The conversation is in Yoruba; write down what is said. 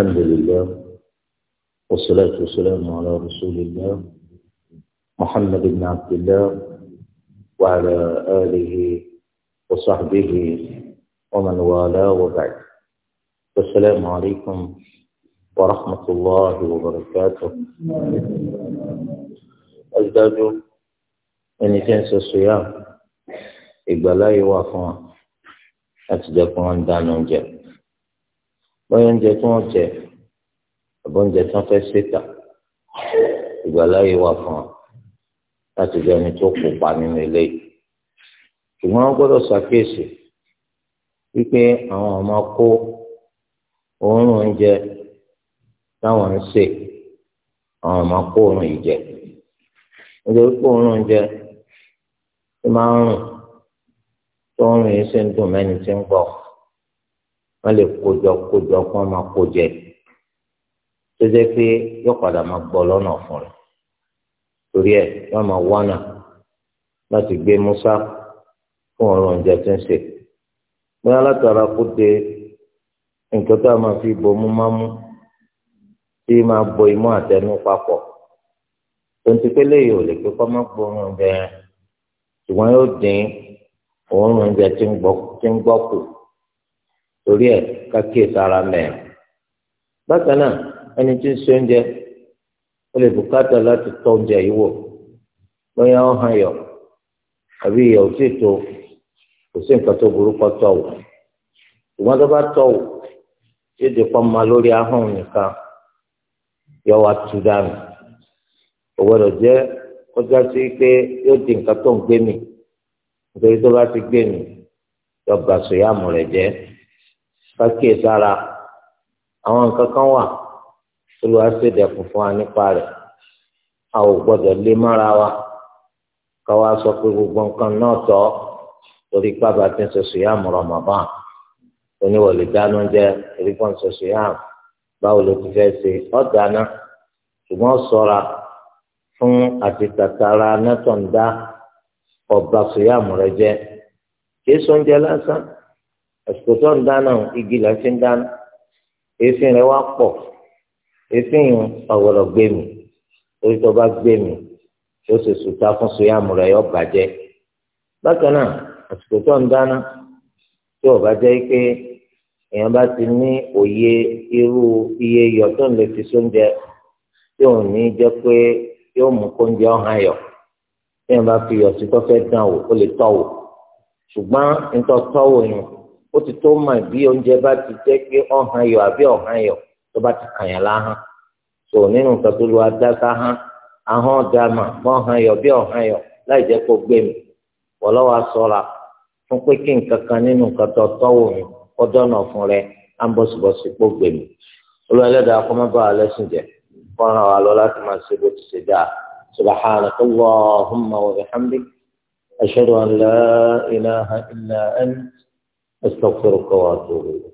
الحمد لله والصلاة والسلام على رسول الله محمد بن عبد الله وعلى آله وصحبه ومن والاه وبعد السلام عليكم ورحمة الله وبركاته أزداد أن تنسى الصيام إبلاي وافوا أتدقون دانون جاب bóyá oúnjẹ tí wọ́n jẹ àbọ̀ oúnjẹ tí wọ́n fẹ́ ṣètà ìgbàláyé wà fún ọ láti jẹ ẹni tó kópa nínú eléyìí ṣùgbọ́n wọ́n gbọ́dọ̀ ṣàkíyèsí wípé àwọn ọmọ kó òórùn oúnjẹ táwọn ń sè àwọn ọmọ kó òórùn yìí nítorí pé òórùn oúnjẹ ti máa ń rùn tó ń rìn sí ń dùn mẹ́ni tí ń gbọ́ wọ́n lè kójọ kójọ kí wọ́n máa kó jẹ tó jẹ́ pé yóò padà máa gbọ́ lọ́nà fún rẹ̀ torí ẹ̀ wọ́n máa wánà láti gbé Musa fún ọ̀rọ̀ oúnjẹ tó ń sè bóyá látara kó de nǹkan tó a máa fi bomú máa mú tí máa bo imú àtẹnu papọ̀ tontikele yìí ò lè pé kọ́ máa gbọ́ oúnjẹ ṣùgbọ́n yóò dín òórùn oúnjẹ tí ń gbọ́ kù. torí ẹ̀ kákíyè sára mẹ́rin bákan náà ẹni tí ń ṣe oúnjẹ ó lè bùkátà láti tọ́ oúnjẹ yìí wò bóyá ó hàn yọ àbí ìyà ò sì tó kò sí nǹkan tó burú kọ́ wò ṣùgbọ́n tó bá tọ̀ wò yóò kọ́ lórí ahọ́n nìkan yọ wá dànù jẹ́ kọjá sí pé yóò di nǹkan tó ń gbé mi nítorí tó bá ti gbé mi yọ rẹ̀ jẹ́. kákíyè sára àwọn nǹkan kan wà olùwà ṣèdẹ̀kùn fún wa nípa rẹ̀ a ò gbọ́dọ̀ lé mọ́ra wa ká wá sọ pé gbogbo nǹkan náà tọ́ torí pábà tí ń ṣoṣo yá mọ̀rọ̀ màbá oníwọ̀lẹ̀ dáná jẹ́ torí pọ́n ṣoṣo yá báwo ló ti fẹ́ ṣe ọ́ dáná ṣùgbọ́n ṣọ́ra fún àti tàtàrà nẹ́tọ̀ǹda ọba ṣòyàmù rẹ jẹ́ kí sóúnjẹ lásán àsìkò tó ń dáná igi là ń fi ń dáná èéfín rẹ wá pọ̀ èéfín yìí ọ̀wọ̀lọ̀ gbé mi orí tó bá gbé mi ó sì sùtá fún suyàmù rẹ yọ bàjẹ́ bákan náà àsìkò tó ń dáná tí ò bá jẹ́ pé èèyàn bá ti ní òye irú iye iyọ̀ tó ń lè fi sóúnjẹ tí ò ní jẹ́ pé yóò mú kóúnjẹ ọ̀hán yọ̀ tí èèyàn bá fi yọ̀ sí tó fẹ́ dán wò ó lè tọ̀ wò ṣùgbọ́n nítorí tọ́ wò yẹn ó ti tó mà bí oúnjẹ bá ti jẹ́ pé ọ̀hán yọ àbí ọ̀hán yọ tó bá ti kàyàn láhán tó nínú nǹkan tó lu adáká hán ahọ́n ọ̀dà mà bọ́ ọ̀hán yọ bí ọ̀hán yọ láì jẹ́ kó gbé mi wọ́lọ́wọ́ aṣọra fún pé kí nǹkan kan nínú nǹkan tó tọ́wò mi ọjọ́ náà fún rẹ á ń bọ̀sibọ̀si pó gbé mi olú ẹlẹ́dàá kọ́ mọ́ lẹ́sìn jẹ fọ́nrán wa lọ أستغفرك وأتوب إليك